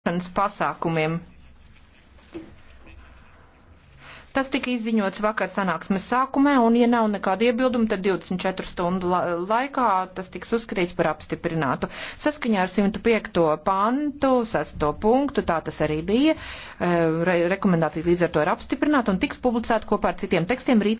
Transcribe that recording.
izmeklēšanas pasākumiem. Tas tika izziņots vakar sanāksmes sākumē, un, ja nav nekāda iebilduma, tad 24 stundu la laikā tas tiks uzskatīts par apstiprinātu. Saskaņā ar 105. pantu, 6. punktu, tā tas arī bija, eh, re rekomendācijas līdz ar to ir apstiprināta un tiks publicēta kopā ar citiem tekstiem rīt.